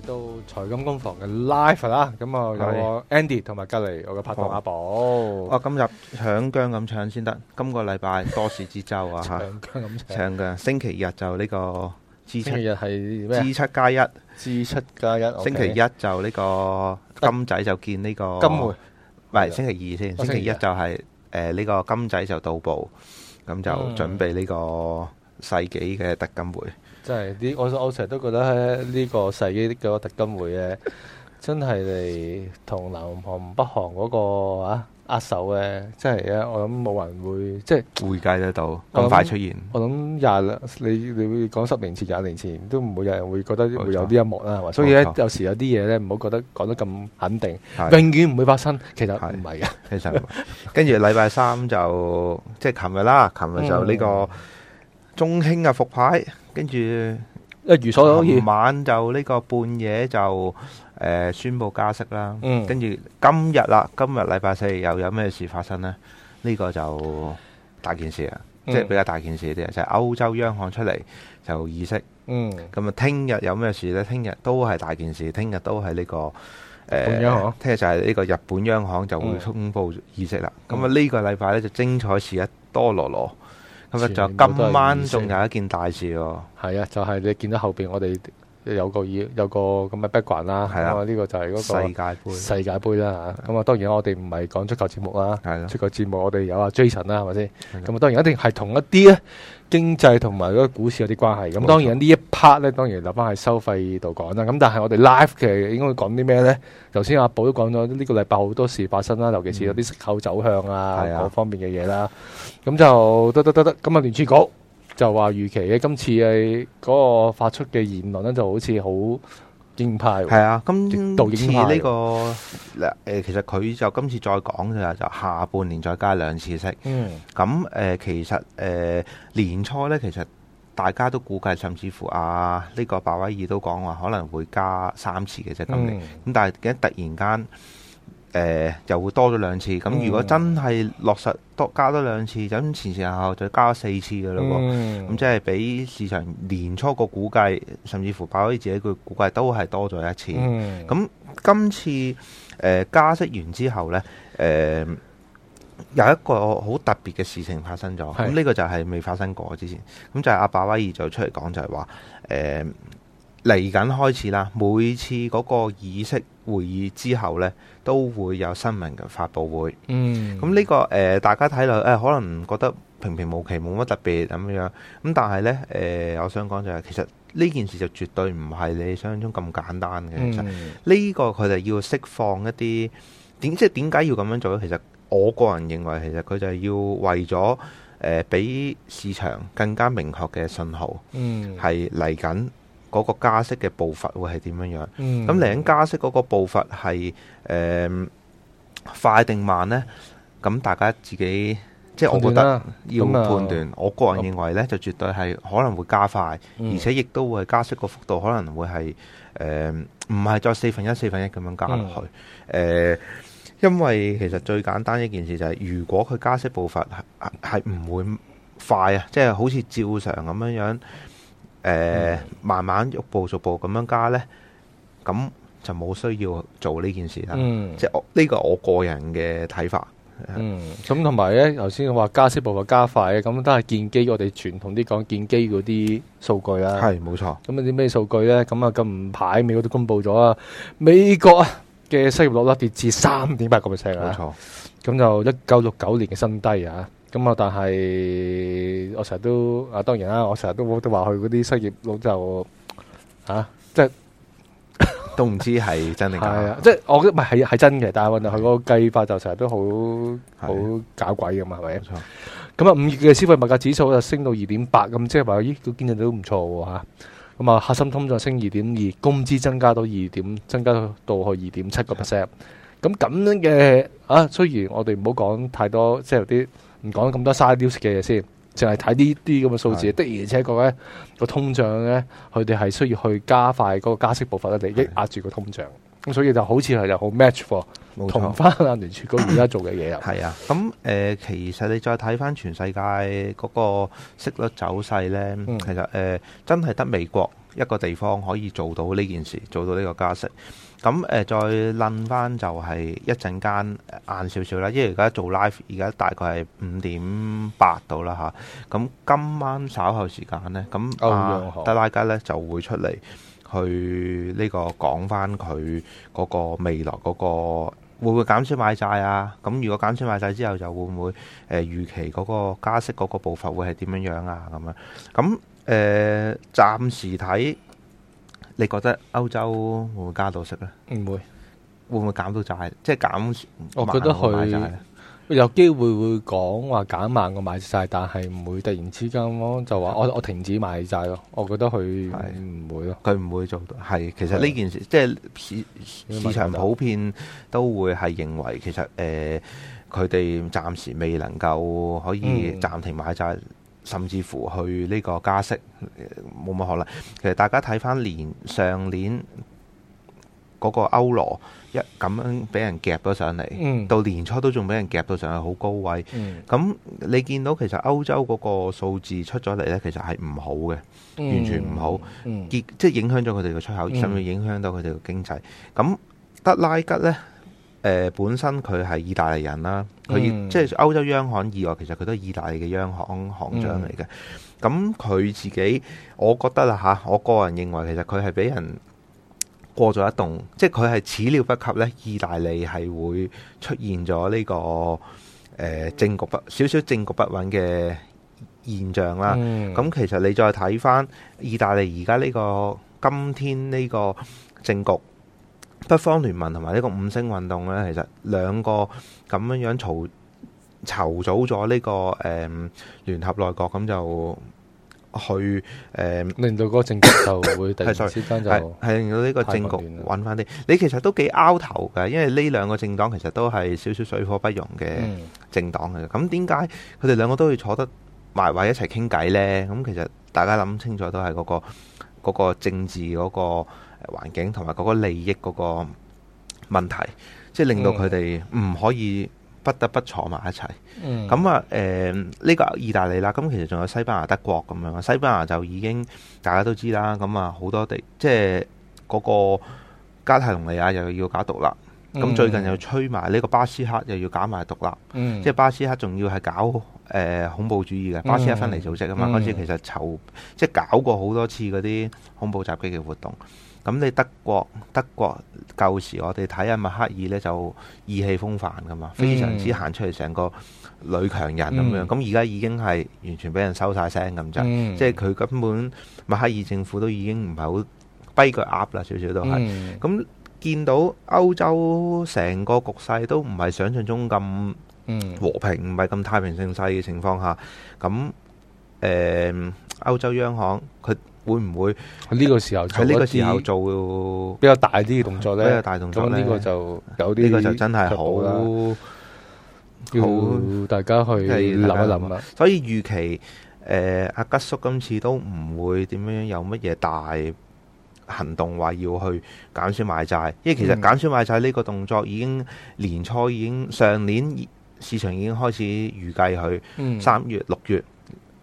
到財金工房嘅 live 啦，咁啊有我 Andy 同埋隔籬我嘅拍檔阿寶。啊、哦，今日響姜咁唱先得，今個禮拜多事之周啊吓。姜咁唱。唱嘅、啊、星期日就呢個 G7。日係咩？G7 加一。G7 加一。星期一就呢個金仔就見呢、這個金會，唔係是的星期二先。哦、星,期星期一就係誒呢個金仔就到步，咁就準備呢個世紀嘅特金會。真係啲，我我成日都覺得呢個世紀嗰個特金會咧，真係嚟同南韓北韓嗰個啊握手咧，真係咧，我諗冇人會即係會計得到咁想快出現。我諗廿你你會講十年前、廿年前都唔會有人會覺得會有呢一幕啦錯。所以咧，錯有時有啲嘢咧，唔好覺得講得咁肯定，錯永遠唔會發生。其實唔係嘅。其實，跟住禮拜三就即係琴日啦，琴日就呢個。中興啊，復牌，跟住一如所晚就呢個半夜就誒、呃、宣布加息啦。跟住、嗯、今日啦，今日禮拜四又有咩事發生呢？呢、這個就大件事啊，嗯、即係比較大件事啲啊，就係、是、歐洲央行出嚟就議息。嗯，咁啊，聽日有咩事呢？聽日都係大件事，聽、這個呃、日都係呢個誒，聽日就係呢個日本央行就會通報議息啦。咁啊、嗯，呢、嗯、個禮拜呢，就精彩事啊多籮籮。咁啊！就今晚仲有一件大事係啊，啊，就係你見到後邊我哋。有個以有個咁嘅 background，啦，咁啊呢個就係嗰個世界盃世界盃啦嚇，咁啊當然我哋唔係講足球節目啦，足球節目我哋有啊 Jason 啦，係咪先？咁啊當然一定係同一啲咧經濟同埋嗰個股市有啲關係，咁當然呢一 part 咧當然留翻喺收費度講啦，咁但係我哋 live 其實應該講啲咩咧？頭先阿寶都講咗呢個禮拜好多事發生啦，尤其是有啲息口走向啊嗰方面嘅嘢啦，咁就得得得得，今日聯儲局。就話預期嘅今次係嗰個發出嘅言論咧，就好似好鷹派。係啊，今次呢、這個誒，嗯、其實佢就今次再講嘅就下半年再加兩次息。嗯，咁誒、呃、其實誒、呃、年初咧，其實大家都估計，甚至乎啊，呢、這個鮑威爾都講話可能會加三次嘅啫。今年咁，嗯、但係一突然間。誒、呃、又會多咗兩次，咁如果真係落實多加多兩次，咁前前後後就加咗四次嘅嘞喎，咁、嗯、即係比市場年初個估計，甚至乎鮑威自己嘅估計都係多咗一次。咁、嗯、今次誒、呃、加息完之後呢，誒、呃、有一個好特別嘅事情發生咗，咁呢是個就係未發生過之前，咁就係阿鮑威爾就出嚟講就係話誒。呃嚟緊開始啦！每次嗰個議息會議之後呢，都會有新聞嘅發布會。嗯，咁呢、這個誒、呃，大家睇落誒，可能覺得平平無奇，冇乜特別咁樣。咁但係呢，誒、呃，我想講就係、是，其實呢件事就絕對唔係你想象中咁簡單嘅。嗯、其實呢個佢哋要釋放一啲點，即係點解要咁樣做？其實我個人認為，其實佢就係要為咗誒，俾、呃、市場更加明確嘅信號。嗯，係嚟緊。嗰個加息嘅步伐會係點樣樣？咁嚟緊、嗯、加息嗰個步伐係誒、呃、快定慢呢？咁大家自己即係我覺得要判斷。我個人認為呢，就絕對係可能會加快，嗯、而且亦都會加息個幅度可能會係誒唔係再四分一四分一咁樣加落去。誒、嗯呃，因為其實最簡單一件事就係、是，如果佢加息步伐係唔會快啊，即、就、係、是、好似照常咁樣樣。誒，嗯、慢慢逐步逐步咁樣加咧，咁就冇需要做呢件事啦。嗯，即係我呢、這個我個人嘅睇法。嗯，咁同埋咧，頭先話加息步伐加快咧，咁、嗯、都係建基。我哋傳統啲講建基嗰啲數據啦，係冇錯。咁啲咩數據咧？咁啊，近排美國都公布咗啊，美國啊嘅失業率啦跌至三點八個 percent 冇錯。咁錯就一九六九年嘅新低啊！咁啊！但係我成日都啊，當然啦、啊，我成日都都話佢嗰啲失業率就啊，即係 都唔知係真定假、啊。即係我唔係係係真嘅，但係問題佢嗰個計法就成日都好好、啊、搞鬼嘅嘛，係咪啊？咁啊沒錯，五月嘅消費物價指數就升到二點八，咁，即係話咦個經濟都唔錯喎，咁啊，核心通脹升二點二，工資增加到二點增加到去二點七個 percent。咁咁是、啊、樣嘅啊，雖然我哋唔好講太多，即係啲。唔講咁多沙雕式嘅嘢先，淨係睇呢啲咁嘅數字，的而且確咧、個通脹咧，佢哋係需要去加快嗰個加息步伐嘅，嚟抑壓住個通脹。咁所以就好似係又好 match，同翻啊聯儲局而家做嘅嘢又。係啊，咁 誒、呃、其實你再睇翻全世界嗰個息率走勢咧，其實誒真係得美國一個地方可以做到呢件事，做到呢個加息。咁誒再諗翻就係一陣間晏少少啦，因為而家做 live 而家大概係五點八度啦嚇。咁今晚稍後時間咧，咁德拉街咧就會出嚟去呢個講翻佢嗰個未來嗰個會唔會減少買債啊？咁如果減少買債之後，就會唔會誒預期嗰個加息嗰個步伐會係點樣樣啊？咁樣咁誒，暫時睇。你覺得歐洲會唔會加到息咧？唔、嗯、會，會唔會減到債？即係減，我覺得佢有機會會講話減慢個買債，但係唔會突然之間我就話我我停止買債咯。我覺得佢唔會咯，佢唔會做到。係其實呢件事，的即係市市場普遍都會係認為其實誒，佢、呃、哋暫時未能夠可以暫停買債。嗯甚至乎去呢個加息，冇乜可能。其實大家睇翻年上年嗰個歐羅一咁樣俾人夾咗上嚟，嗯、到年初都仲俾人夾到上嚟，好高位。咁、嗯、你見到其實歐洲嗰個數字出咗嚟呢，其實係唔好嘅，完全唔好。嗯、結即係影響咗佢哋嘅出口，甚至影響到佢哋嘅經濟。咁、嗯、德拉吉呢？呃、本身佢係意大利人啦，佢即係歐洲央行以外，其實佢都係意大利嘅央行行長嚟嘅。咁佢、嗯、自己，我覺得啦嚇、啊，我個人認為其實佢係俾人過咗一棟，即係佢係始料不及呢意大利係會出現咗呢、這個誒、呃、政，政局不少少政局不穩嘅現象啦。咁、嗯、其實你再睇翻意大利而家呢個今天呢個政局。北方聯盟同埋呢個五星運動呢，其實兩個咁樣、這個、呃、樣籌籌組咗呢個誒聯合內閣，咁就去誒、呃、令到個政局就會突然之間係 就令到呢個政局揾翻啲。你其實都幾拗頭嘅，因為呢兩個政黨其實都係少少水火不容嘅政黨嚟嘅。咁點解佢哋兩個都會坐得埋位一齊傾偈呢？咁其實大家諗清楚都係嗰、那個、那個那個政治嗰、那個。環境同埋嗰個利益嗰個問題，即係令到佢哋唔可以不得不坐埋一齊。咁啊、嗯，誒呢、呃這個意大利啦，咁其實仲有西班牙、德國咁樣。西班牙就已經大家都知啦，咁啊好多地，即係嗰個加泰隆尼亞又要搞獨立，咁、嗯、最近又吹埋呢、這個巴斯克又要搞埋獨立。嗯、即係巴斯克仲要係搞誒、呃、恐怖主義嘅巴斯克分離組織啊嘛，巴斯克、嗯、其實籌即係搞過好多次嗰啲恐怖襲擊嘅活動。咁你德國德國舊時我哋睇下默克爾呢，就意氣風發噶嘛，嗯、非常之行出嚟成個女強人咁樣。咁而家已經係完全俾人收晒聲咁滯，嗯、即係佢根本默克爾政府都已經唔係好跛腳鴨啦，少少都係。咁、嗯、見到歐洲成個局勢都唔係想像中咁和平，唔係咁太平盛世嘅情況下，咁誒歐洲央行佢。會唔會喺呢個時候喺呢個時候做比較大啲嘅動作呢？比較大動作呢個就有啲呢個就真係好，好大家去諗一諗啦。所以預期誒，阿吉叔今次都唔會點樣有乜嘢大行動，話要去減少買債。因為其實減少買債呢個動作已經年初已經上年市場已經開始預計佢三月六月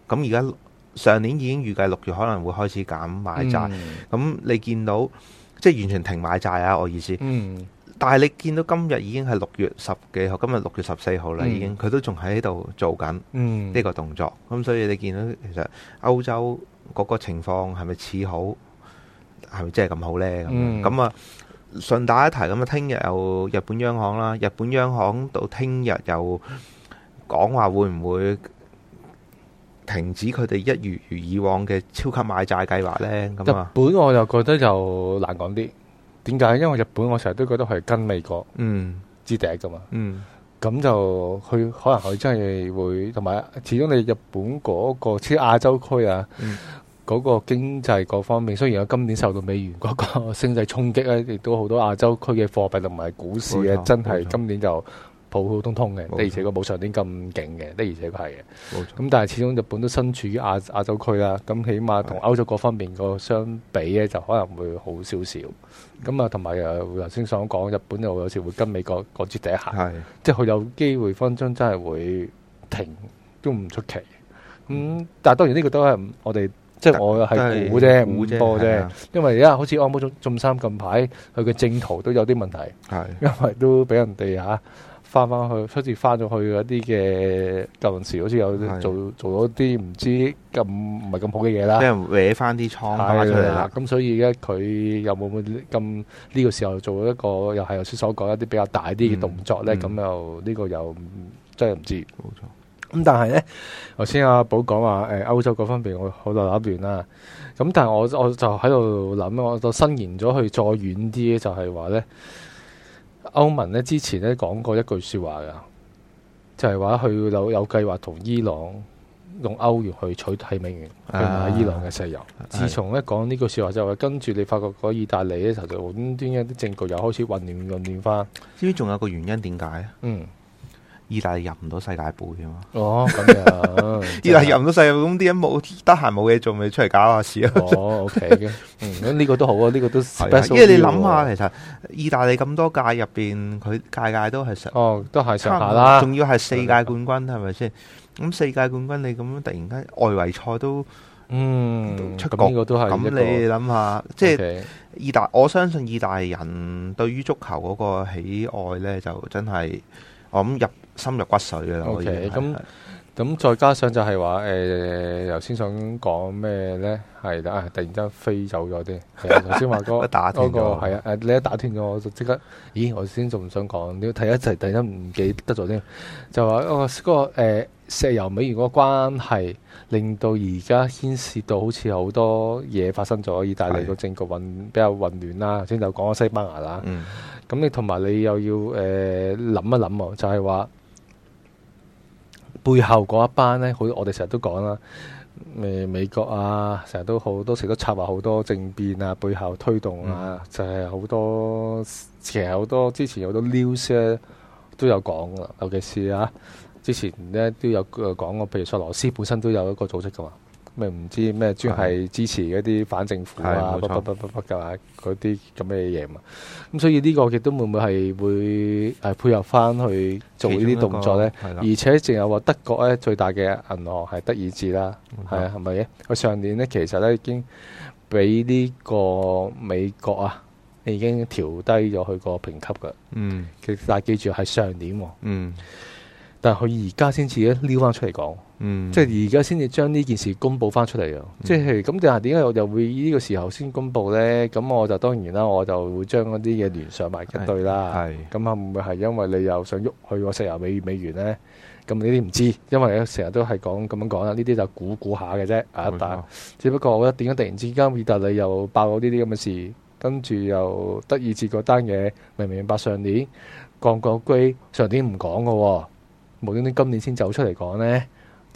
咁而家。上年已經預計六月可能會開始減買債，咁你見到即係完全停買債啊？我意思，嗯，但係你見到今日已經係六月十幾號，今日六月十四號啦，已經佢都仲喺度做緊呢個動作，咁所以你見到其實歐洲嗰個情況係咪似好，係咪真係咁好呢？咁咁啊順帶一提，咁啊聽日又日本央行啦，日本央行到聽日又講話會唔會停止佢哋一如如以往嘅超級買債計劃咧，日本我就覺得就難講啲，點解？因為日本我成日都覺得佢係跟美國嗯置頂噶嘛，嗯咁、嗯、就佢可能佢真係會同埋，始終你日本嗰、嗰個即亞洲區啊嗰、嗯、個經濟各方面，雖然喺今年受到美元嗰個升勢衝擊咧、啊，亦都好多亞洲區嘅貨幣同埋股市咧、啊，錯真係錯今年就。普普通通嘅，的錯而且個冇上年咁勁嘅，的而且確係嘅。冇錯咁，但係始終日本都身處於亞亞洲區啦。咁起碼同歐洲各方面個相比咧，就可能會好少少。咁啊、嗯，同埋啊，頭先所講日本又有時會跟美國個接底行，係、嗯、即係佢有機會，分鐘真係會停都唔出奇。咁、嗯、但係當然呢個都係我哋、嗯、即係我係估啫，估啫。的因為而家好似安倍晉晉三近排佢嘅政途都有啲問題，係、嗯、 因為都俾人哋嚇。翻翻去，去好似翻咗去嗰啲嘅舊陣時，好似有做的做咗啲唔知咁唔係咁好嘅嘢啦，即係搲翻啲倉的出嚟啦。咁、嗯、所以而家佢有冇會咁呢個時候做一個又係頭先所講一啲比較大啲嘅動作咧？咁、嗯嗯、又呢、呢個又真係唔知。冇錯。咁但係咧，頭先阿寶講話誒歐洲嗰方面我好大打亂啦。咁但係我我就喺度諗，我就伸延咗去再遠啲嘅就係話咧。歐盟呢之前呢講過一句說話噶，就係話佢有有計劃同伊朗用歐元去取代美元，啊、去買伊朗嘅石油。啊、自從一講呢句話，就係、說話之後，跟住你發覺嗰意大利呢頭就端端一啲政局又開始混亂混亂翻。呢啲仲，有個原因點解啊？意大利入唔到世界杯啊嘛！哦，咁啊！ 意大利入唔到世界杯，咁啲人冇得閒冇嘢做，咪出嚟搞下事咯。哦 ，OK 嘅、嗯，咁、這、呢個都好、這個、 啊，呢個都，因為你諗下，其實意大利咁多屆入邊，佢屆屆都係上哦，都係上下啦。仲要係世界冠軍係咪先？咁世、嗯嗯、界冠軍你咁樣突然間外圍賽都出嗯出局，咁、這、呢個都係咁你諗下，即係意大我相信意大利人對於足球嗰個喜愛咧，就真係我諗入。深入骨髓嘅啦，我咁咁再加上就係話，誒，由先想講咩咧？係啦，突然之間飛走咗啲。係啊，頭先話哥打斷咗，係啊，誒，你一打斷咗，我就即刻，咦，我先仲唔想講，你要睇一齊突然間唔記得咗先。就話嗰個石油美元嗰個關係，令到而家牽涉到好似好多嘢發生咗。意大利個政局混比較混亂啦，先就講咗西班牙啦。咁你同埋你又要誒諗一諗喎，就係話。背後嗰一班咧，好，我哋成日都講啦，誒、呃、美國啊，成日都好多時都策劃好多政變啊，背後推動啊，嗯、就係好多其實好多之前好多 news、啊、都有講噶，尤其是啊，之前咧都有講過，譬如索羅斯本身都有一個組織噶嘛。咪唔知咩，專係支持一啲反政府啊、嗰啲咁嘅嘢嘛。咁所以呢個亦都會唔會係會係配合翻去做呢啲動作咧？而且淨係話德國咧，最大嘅銀行係德意志啦，係啊的，係咪嘅？佢上年咧其實咧已經俾呢個美國啊，已經調低咗佢個評級㗎。嗯，但記住係上年、啊。嗯，但佢而家先至咧撩翻出嚟講。嗯，即係而家先至將呢件事公佈翻出嚟啊！嗯、即係咁，但係點解我又會呢個時候先公佈呢？咁我就當然啦，我就會將嗰啲嘢聯上埋一對啦。係咁、嗯，係唔會係因為你又想喐去個石油美美元呢？咁呢啲唔知，因為成日都係講咁樣講啦。呢啲就估估下嘅啫啊！嗯、但只不過我覺得點解突然之間，意大利又爆咗呢啲咁嘅事，跟住又德意志嗰單嘢，明唔明，明白上年？上年降過居，上年唔講嘅喎，無端端今年先走出嚟講呢。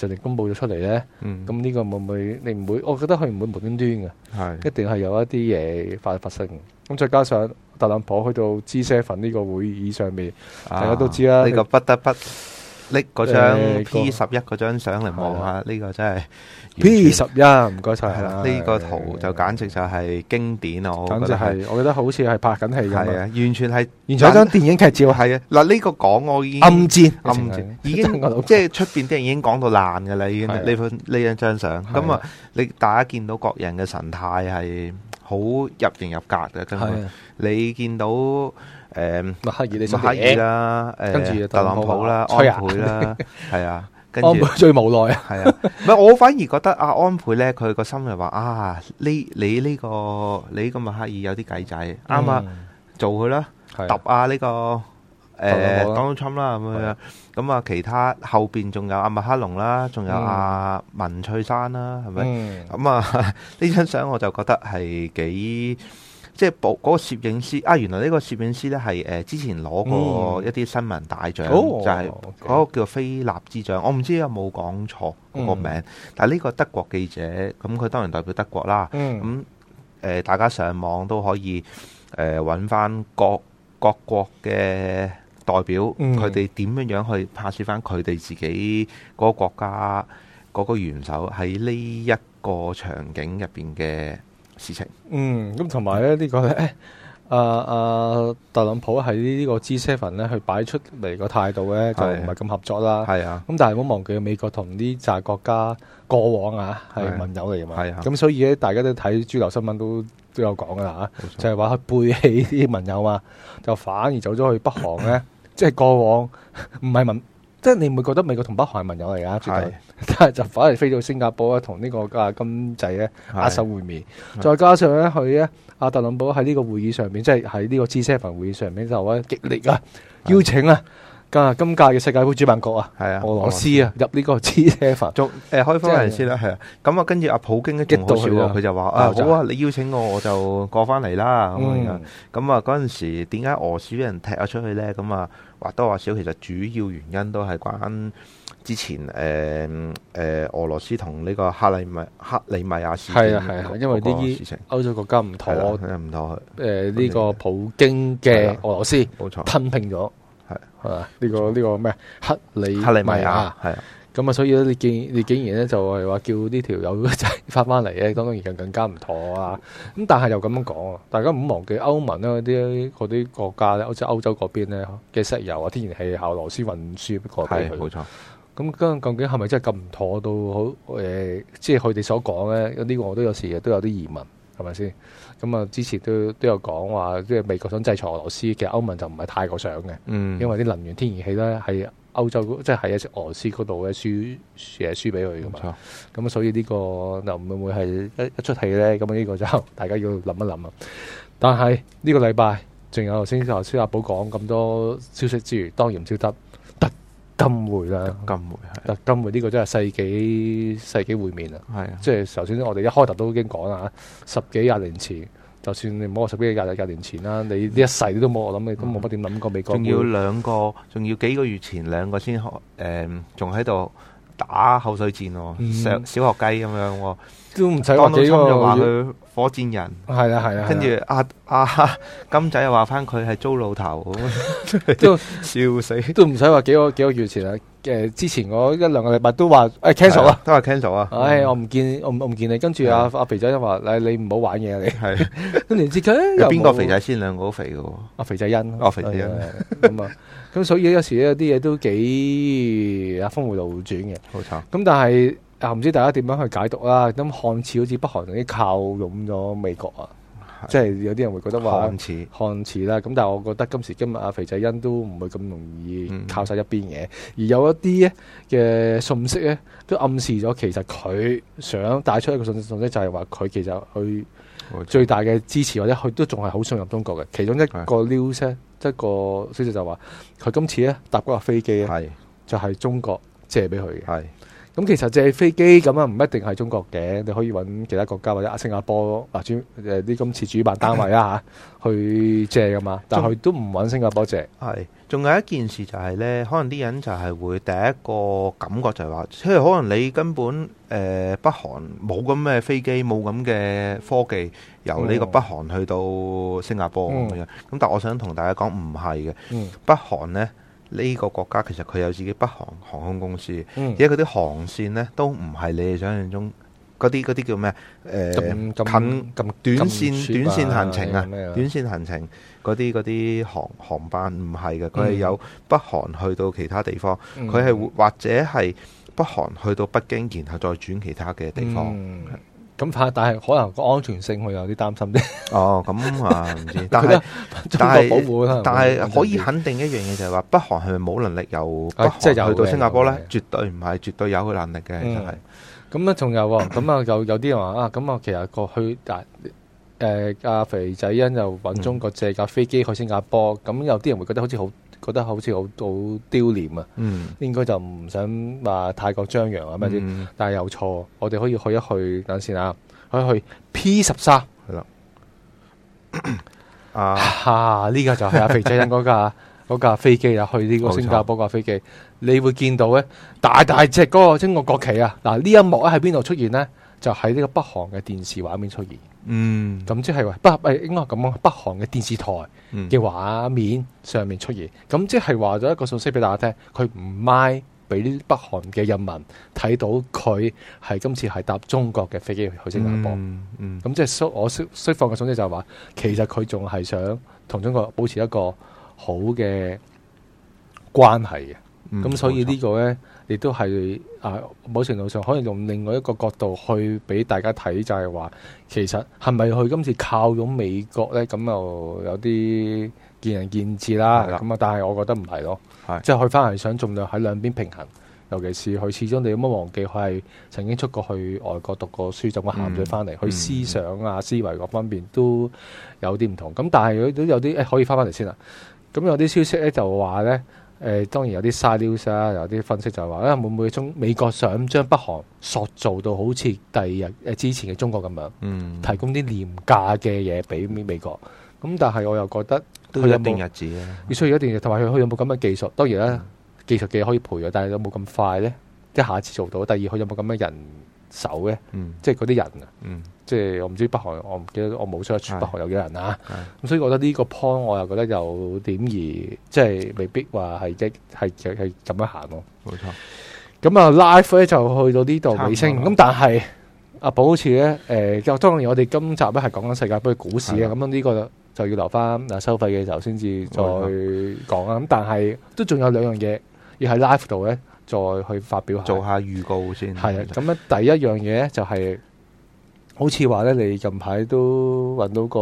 就嚟公布咗出嚟咧，咁呢、嗯、個會唔會你唔會？我覺得佢唔會無端端嘅，是的 一定係有一啲嘢發發生。咁再加上特朗普去到 G7 呢個會議上面，啊、大家都知啦，呢、啊、你 個不得不。搦嗰張 P 十一嗰張相嚟望下，呢個真係 P 十一唔該晒，係啦，呢個圖就簡直就係經典啊！我覺得係，我覺得好似係拍緊戲咁。係啊，完全係，完全係張電影劇照。係啊，嗱呢個講我已經暗戰暗戰，已經即係出邊啲人已經講到爛嘅啦。已經呢呢一張相，咁啊，你大家見到各人嘅神態係好入型入格嘅，真係你見到。誒，默克爾、默克爾啦，誒，跟住特朗普啦，安倍啦，係啊，跟住最無奈啊，係啊，唔係我反而覺得阿安倍咧，佢個心就話啊，呢你呢個你咁嘅默克爾有啲計仔，啱啊，做佢啦，揼啊呢個誒 Donald Trump 啦咁樣，咁啊，其他後邊仲有阿麥克龍啦,仲有阿文翠珊啦，係咪？咁啊，呢張相我就覺得係幾。即係報嗰個攝影師啊！原來呢個攝影師呢係誒之前攞過一啲新聞大獎，嗯、就係嗰個叫做菲立之獎。我唔知有冇講錯嗰個名。嗯、但係呢個德國記者，咁佢當然代表德國啦。咁誒、嗯嗯呃，大家上網都可以誒揾翻各各國嘅代表，佢哋點樣樣去拍攝翻佢哋自己嗰個國家嗰個元首喺呢一個場景入邊嘅。事情嗯，咁同埋咧呢個咧，啊啊特朗普喺呢個 G7 咧，去擺出嚟個態度咧就唔係咁合作啦，係啊的，咁但係唔好忘記美國同呢扎國家過往啊係盟友嚟嘅嘛，咁所以咧大家都睇主流新聞都都有講噶啦吓，的就係話佢背棄啲盟友啊，就反而走咗去北韓咧，即係 過往唔係盟。即係你唔會覺得美國同北韓係盟友嚟噶，但係就反而飛到新加坡啊，同呢個啊金仔咧握手會面，再加上咧佢咧阿特朗普喺呢個會議上面，即係喺呢個 G7 會議上面就話極力啊邀請啊加今屆嘅世界杯主辦國啊，係啊俄羅斯啊入呢個 G7，仲誒開翻嚟先啦，係啊，咁啊跟住阿普京一激到，佢就話啊好啊，你邀請我我就過翻嚟啦咁啊，咁啊嗰陣時點解俄羅斯俾人踢咗出去咧咁啊？或多或少，其實主要原因都係關之前誒誒、呃呃、俄羅斯同呢個克里米克里米亞事件，係啊係啊，因為呢啲歐洲國家唔妥，唔、啊、妥。誒呢、呃這個普京嘅俄羅斯冇、啊、錯吞併咗，係係嘛？呢、這個呢、這個咩？克里克里米亞係啊。咁啊，所以咧，你竟你竟然咧就係話叫呢條友仔返返嚟咧，當當然更更加唔妥啊！咁但係又咁樣講啊，大家唔好忘記歐盟咧嗰啲啲國家咧，好似歐洲嗰邊咧嘅石油啊、天然氣靠俄羅斯運輸過俾佢。係冇錯。咁究竟係咪真係咁唔妥到好？誒、呃，即係佢哋所講咧，呢、呢個我都有時都有啲疑問，係咪先？咁啊，之前都都有講話，即、就、係、是、美國想制裁俄羅斯，其實歐盟就唔係太過想嘅，嗯、因為啲能源、天然氣咧係。歐洲即係喺俄羅斯嗰度嘅輸嘢輸俾佢嘅，咁所以呢個又會唔會係一一出戲咧？咁啊，呢個就大家要諗一諗啊！但係呢個禮拜仲有，頭先阿寶講咁多消息之餘，當然唔少得特金會啦，金會係特金會，呢個真係世紀世紀會面啊！係的即係首先我哋一開頭都已經講啦，十幾廿年前。就算你冇十幾廿廿年前啦，你呢一世都冇，我諗你都冇乜點諗過美國。仲要兩個，仲要幾個月前兩個先學，誒、嗯，仲喺度打口水戰喎，上小，小學雞咁樣喎、嗯，都唔使我哋又話佢。像火箭人係啦係啦，跟住阿阿金仔又話翻佢係糟老頭，都笑死，都唔使話幾個幾個月前啦。誒，之前我一兩個禮拜都話誒 cancel 啊，都話 cancel 啊。唉，我唔見我唔見你，跟住阿阿肥仔就話誒，你唔好玩嘢啊，你係，跟年之間又邊個肥仔先兩個好肥嘅？阿肥仔欣，阿肥仔欣咁啊。咁所以有時有啲嘢都幾峰回路轉嘅，冇錯。咁但係。啊，唔知大家點樣去解讀啦？咁看似好似北韓已經靠攏咗美國啊，的即係有啲人會覺得話看似看似啦。咁但係我覺得今時今日阿、啊、肥仔恩都唔會咁容易靠晒一邊嘅。嗯、而有一啲嘅、呃、信息咧，都暗示咗其實佢想帶出一個信息，就係話佢其實佢最大嘅支持或者佢都仲係好信任中國嘅。其中一個 news 的一個消息就話佢今次咧搭嗰架飛機的就係中國借俾佢嘅。的咁其實借飛機咁啊，唔一定係中國嘅，你可以揾其他國家或者新加坡或者誒啲今次主辦單位啊吓去借噶嘛，但係都唔揾新加坡借。係，仲有一件事就係呢，可能啲人就係會第一個感覺就係話，即係可能你根本誒北韓冇咁嘅飛機，冇咁嘅科技，由呢個北韓去到新加坡咁樣。咁但係我想同大家講，唔係嘅，北韓呢。呢個國家其實佢有自己北韓航空公司，而家嗰啲航線呢都唔係你哋想象中嗰啲嗰啲叫咩？誒、呃，近咁短線短線行程啊，短線行程嗰啲嗰啲航航班唔係嘅，佢係、嗯、有北韓去到其他地方，佢係、嗯、或者係北韓去到北京，然後再轉其他嘅地方。嗯咁但係但係可能個安全性會有啲擔心啲哦，咁，啊唔知但係 中國保護，但係可以肯定一樣嘢，就係話北韓係咪冇能力由北韓、啊就是、去到新加坡咧？嗯、絕對唔係，絕對有佢能力嘅，真係、嗯。咁咧仲有咁，啊有有啲人話啊咁，啊其實過、嗯嗯啊、去但誒阿肥仔恩又揾中國借架飛機去新加坡，咁、嗯嗯、有啲人會覺得好似好。覺得好似好好丟臉啊，嗯、應該就唔想話太過張揚啊咩啲，嗯、但係有錯，我哋可以去一去等先了啊，去一去 P 十三係啦，啊、呢、這個就係阿、啊、 肥仔欣嗰架嗰架飛機啊，去呢個新加坡架飛機，錯你會見到咧，大大隻嗰個中國國旗啊，嗱、啊、呢一幕喺邊度出現呢？就喺呢個北韓嘅電視畫面出現。嗯，咁即係話北，誒應該係咁咯。北韓嘅電視台嘅畫面上面出現，咁即係話咗一個信息俾大家聽，佢唔賣俾呢北韓嘅人民睇到佢係今次係搭中國嘅飛機去新加坡。嗯，咁即係釋我釋釋放嘅信息就係話，其實佢仲係想同中國保持一個好嘅關係嘅。咁所以呢個呢，亦都係啊，某程度上可以用另外一個角度去俾大家睇，就係話其實係咪佢今次靠咗美國呢？咁又有啲見仁見智啦。咁啊，但係我覺得唔係咯，即係佢翻嚟想盡量喺兩邊平衡。尤其是佢始終你冇乜忘記，佢係曾經出過去外國讀過書，浸過鹹水翻嚟，佢思想啊、思維各方面都有啲唔同。咁但係佢都有啲誒，可以翻翻嚟先啦。咁有啲消息呢，就話呢。誒、呃、當然有啲沙啲 news 有啲分析就係話啊會唔會中美國想將北韓塑造到好似第二日誒之前嘅中國咁樣，嗯、提供啲廉價嘅嘢俾美美國。咁、嗯、但係我又覺得都、啊、要一定日子啦。必須一定，同埋佢有冇咁嘅技術？當然啦，嗯、技術嘅可以培養，但係有冇咁快咧？一下次做到？第二佢有冇咁嘅人？手咧，嗯、即係嗰啲人啊，嗯、即係我唔知北韓，我唔記得，我冇出北韓有幾多人的啊，咁所以我覺得呢個 point 我又覺得有點而即係未必話係一係係咁樣行咯、啊，冇錯錯。咁啊，live 咧就去到聲、嗯、呢度尾聲，咁但係阿寶好似咧，誒，就當然我哋今集咧係講緊世界杯股市啊，咁呢的個就要留翻啊收費嘅時候先至再講啊，咁的、嗯、但係都仲有兩樣嘢，要喺 live 度咧。嗯再去發表下做下預告先，係啊！咁咧第一樣嘢咧就係、是、 好似話咧，你近排都揾到一個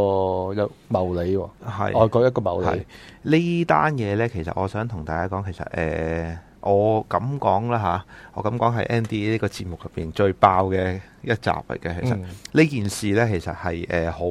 有謀利係，是外國一個謀利。呢單嘢咧，其實我想同大家講，其實誒我咁講啦吓，我咁講係 ND 呢個節目入邊最爆嘅一集嚟嘅。其實呢、嗯、件事咧，其實係誒好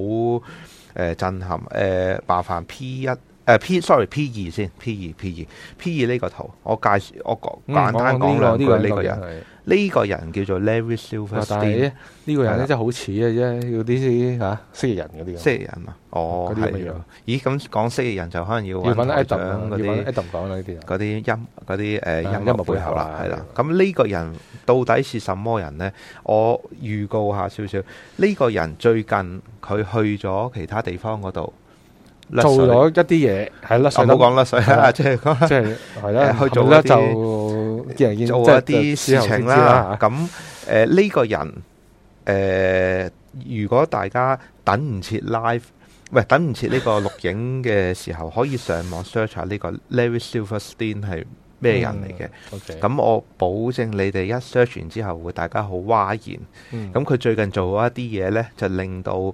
誒震撼誒麻煩 P 一。誒 P，sorry，P 二先，P 二 P 二 P 二呢個圖，我介紹我簡講簡單、嗯講,呢個、講兩句呢個,個人，呢、呢個人叫做 Larry Silverstein。但係呢呢個人咧真係好似嘅啫，嗰啲嚇蜥蜴人嗰啲。蜥蜴人啊，哦，嗰啲咦，咁講蜥蜴人就可能要揾 Adam 啲，揾 Adam 講呢啲。嗰啲音，嗰啲誒音樂背後啦，係啦。咁呢、嗯、個人到底係什麼人咧？我預告下少少。呢、呢個人最近佢去咗其他地方嗰度。做咗一啲嘢，係咯，唔好講甩啦，即係即係，係啦，去做一啲即係一啲事情啦。咁誒呢個人誒，如果大家等唔切 live，喂，等唔切呢個錄影嘅時候，可以上網 search 下呢個 Larry Silverstein 係咩人嚟嘅？咁我保證你哋一 search 完之後，會大家好嘩然。咁佢最近做咗一啲嘢咧，就令到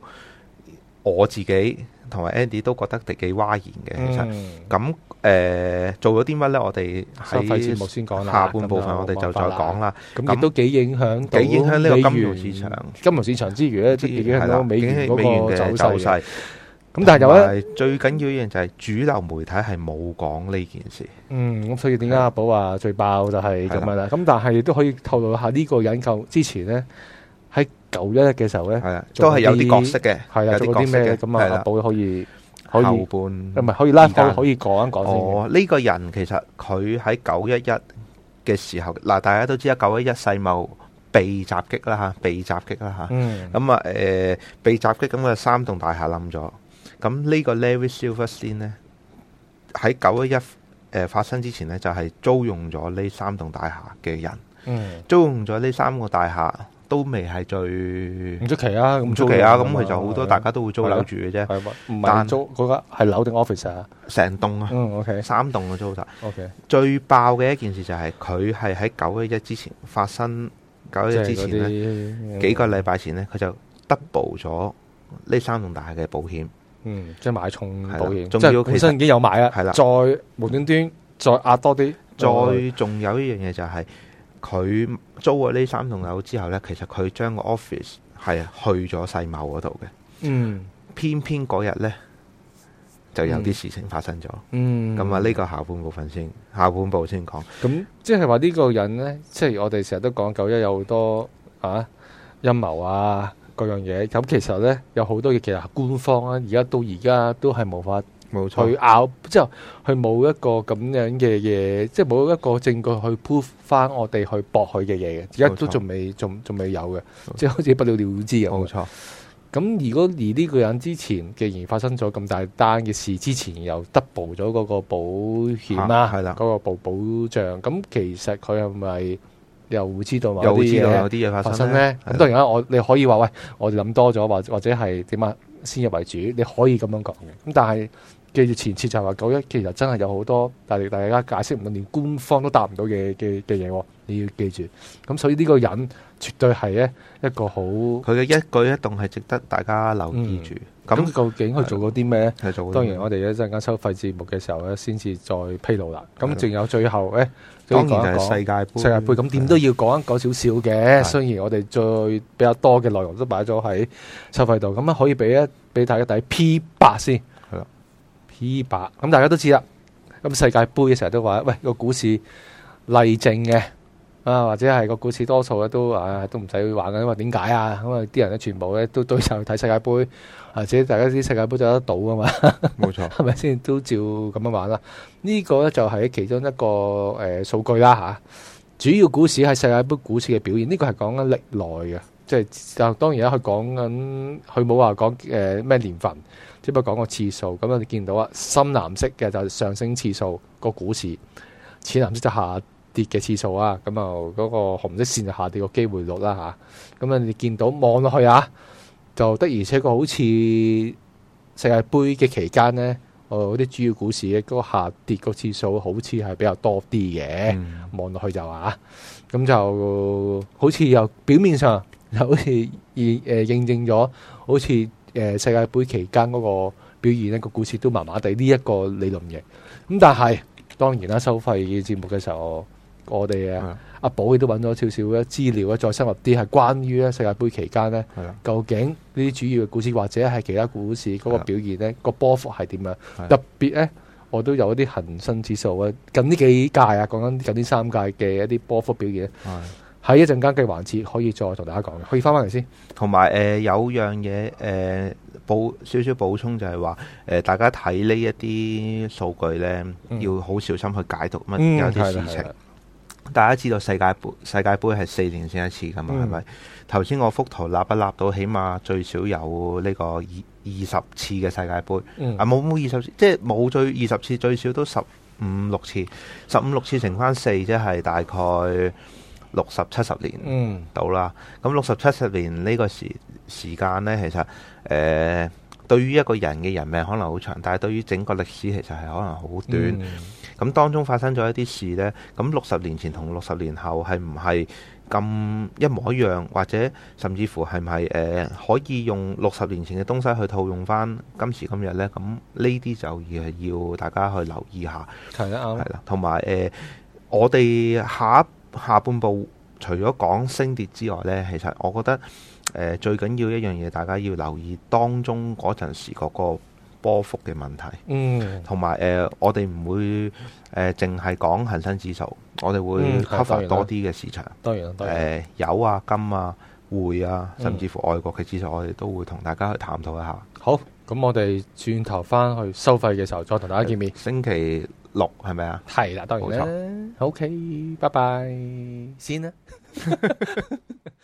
我自己，同埋 Andy 都覺得幾嘩然嘅，其實咁誒、嗯嗯、做咗啲乜咧？我哋喺下半部分，我哋就再講啦。咁亦都幾影響到，影響到呢個金融市場。金融市場之餘咧，都影響到美元嗰個的走勢。咁但係又一最緊要一樣就係主流媒體係冇講呢件事。嗯，咁所以點解阿寶話最爆就係咁樣啦？咁的但係亦都可以透露下呢個引購之前咧。九一一嘅時候咧，都係有啲角色嘅是的，有啲角色嘅。咁啊？部可以，可以後半，唔係可以啦間，可以講一講先。呢個人其實佢喺九一一嘅時候，嗱，大家都知啦，九一一世貿被襲擊啦吓，被襲擊啦吓。咁啊被襲擊，誒、嗯嗯嗯呃，被襲擊咁嘅三棟大廈冧咗。咁呢個 Larry Silverstein 咧，喺九一一誒發生之前咧，就係租用咗呢三棟大廈嘅人。嗯。租用咗呢三個大廈。都未係最唔出奇啊，唔出奇啊，咁佢就好多，大家都會租樓住嘅啫。但租嗰個係樓定 office 啊？成棟啊，OK 三棟嘅租晒。OK，最爆嘅一件事就係佢係喺九一一之前發生，九一一之前咧幾個禮拜前呢，佢就 double 咗呢三棟大廈嘅保險。嗯，即係買重保險，即要其實已經有買啦，係啦，再無端端再壓多啲，再仲有一樣嘢就係。佢租咗呢三棟樓之後呢，其實佢將個 office 係去咗世貿嗰度嘅。嗯，偏偏嗰日呢，就有啲事情發生咗。嗯，咁啊呢個下半部分先，下半部先講。咁即係話呢個人呢，即係我哋成日都講九一有好多啊陰謀啊各樣嘢。咁其實呢，有好多嘢，其實官方啊而家到而家都係無法。冇錯，佢咬之後，佢冇一個咁樣嘅嘢，即係冇一個證據去 prove 翻我哋去駁佢嘅嘢嘅。而家都仲未，仲仲未有嘅，即係好似不了了之嘅。冇錯。咁錯如果而呢個人之前既然發生咗咁大單嘅事，之前又 double 咗嗰個保險啦，係啦、啊，嗰個保保障，咁其實佢係咪又會知道有啲嘢發生咧？咁、嗯、當然啦，的我你可以話喂，我哋諗多咗，或或者係點啊？先入為主，你可以咁樣講嘅。咁但係。記住前次就話九一其實真係有好多，但係大家解釋唔到，連官方都答唔到嘅嘅嘅嘢，你要記住。咁所以呢個人絕對係咧一個好，佢嘅一舉一動係值得大家留意住。咁究竟佢做過啲咩咧？做當然我哋一陣間收費節目嘅時候咧，先至再披露啦。咁仲有最後咧，當然就係世界杯。世界杯咁點都要講一講少少嘅。雖然我哋最比較多嘅內容都擺咗喺收費度，咁啊可以俾一俾大家睇 P 八先。依咁，大家都知啦。咁世界杯嘅成日都話喂個股市例靜嘅啊，或者係個股市多數咧都啊都唔使去玩嘅、啊，因為點解啊？咁啊啲人咧全部咧都堆晒去睇世界杯，或者大家啲世界杯就得到啊嘛。冇錯錯，係咪先都照咁樣玩啦？呢、這個咧就係其中一個誒數、呃、據啦吓。主要股市喺世界杯股市嘅表現，呢、這個係講緊歷來嘅，即、就、係、是、就當然啦。佢講緊佢冇話講誒咩年份。只不過講個次數，咁啊你見到啊深藍色嘅就上升次數，個股市淺藍色就下跌嘅次數啊，咁啊嗰個紅色線就下跌個機會率啦、啊、嚇。咁啊你見到望落去啊，就的而且確好似世界盃嘅期間呢，我、呃、啲主要股市嘅個下跌個次數好似係比較多啲嘅，望落、嗯、去就啊，咁就好似又表面上又好似、呃、認誒認證咗，好似。誒，世界杯期間嗰個表現呢個股市都麻麻地，呢一個理論型。咁但係當然啦，收費嘅節目嘅時候，我哋啊阿寶亦都揾咗少少嘅資料咧，再深入啲係關於咧世界杯期間呢，究竟呢啲主要嘅股市或者係其他股市嗰個表現呢個波幅係點樣？是的 特別呢，我都有一啲恒生指數啊，近呢幾屆啊，講緊近呢三屆嘅一啲波幅表現。喺一陣間嘅環節可以再同大家講嘅，可以翻翻嚟先。同埋誒有、呃、有樣嘢誒、呃、補少少補充就係話誒，大家睇呢一啲數據咧，嗯、要好小心去解讀。咁有啲事情，嗯、大家知道世界盃世界盃係四年先一次㗎嘛，係咪？頭先我幅圖立不立到，起碼最少有呢個二二十次嘅世界盃、嗯、啊？冇冇二十次，即係冇最二十次最少都十五六次，十五六次乘翻四即係大概。六十七十年嗯，到啦，咁六十七十年呢個時時間咧，其實誒、呃、對於一個人嘅人命可能好長，但係對於整個歷史其實係可能好短。咁、嗯、當中發生咗一啲事咧，咁六十年前同六十年後係唔係咁一模一樣，或者甚至乎係唔係誒可以用六十年前嘅東西去套用翻今時今日咧？咁呢啲就要係要大家去留意下。係啊、嗯，啱、嗯。係啦，同埋誒我哋下一。下半部除咗講升跌之外呢，其實我覺得誒、呃、最緊要一樣嘢，大家要留意當中嗰陣時個波幅嘅問題。嗯，同埋誒我哋唔會誒淨係講恆生指數，我哋會 cover、嗯、多啲嘅市場。當然，誒油、呃、啊、金啊、匯啊，甚至乎外國嘅指數，嗯、我哋都會同大家去探討一下。好，咁我哋轉頭返去收費嘅時候，再同大家見面。星期。六係咪啊？係啦，當然啦。OK 拜拜先啦、啊。